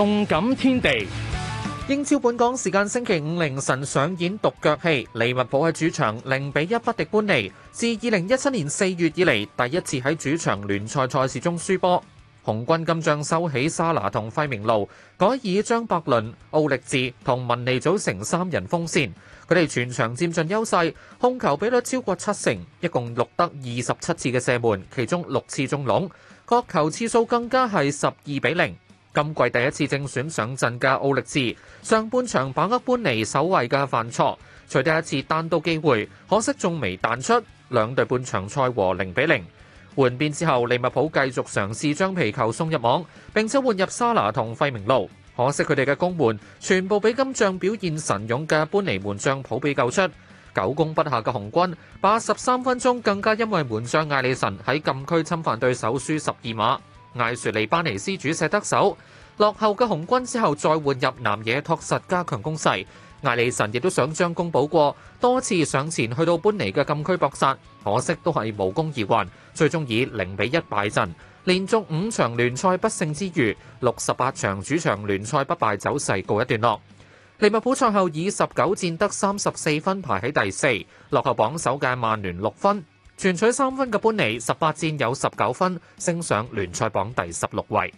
動感天地，英超本港時間星期五凌晨上演獨腳戲，利物浦喺主場零比一不敵般尼，自二零一七年四月以嚟第一次喺主場聯賽賽事中輸波。紅軍今仗收起沙拿同費明奴，改以張伯倫、奧歷治同文尼組成三人鋒線。佢哋全場佔盡優勢，控球比率超過七成，一共錄得二十七次嘅射門，其中六次中籠，角球次數更加係十二比零。今季第一次正選上陣嘅奧歷治，上半場把握般尼守位嘅犯錯，除第一次單刀機會，可惜中楣彈出。兩隊半場賽和零比零。換邊之後，利物浦繼續嘗試將皮球送入網，並且換入沙拿同費明奴，可惜佢哋嘅攻門全部俾今仗表現神勇嘅般尼門將普比救出。久攻不下嘅紅軍，八十三分鐘更加因為門將艾利臣喺禁區侵犯對手，輸十二碼。艾殊利班尼斯主射得手，落後嘅紅軍之後再換入南野拓實加強攻勢，艾利臣亦都想將功補過，多次上前去到般尼嘅禁區搏殺，可惜都係無功而還，最終以零比一敗陣，連續五場聯賽不勝之餘，六十八場主場聯賽不敗走勢告一段落。利物浦賽後以十九戰得三十四分排喺第四，落後榜首嘅曼聯六分。全取三分嘅般尼，十八戰有十九分，升上聯賽榜第十六位。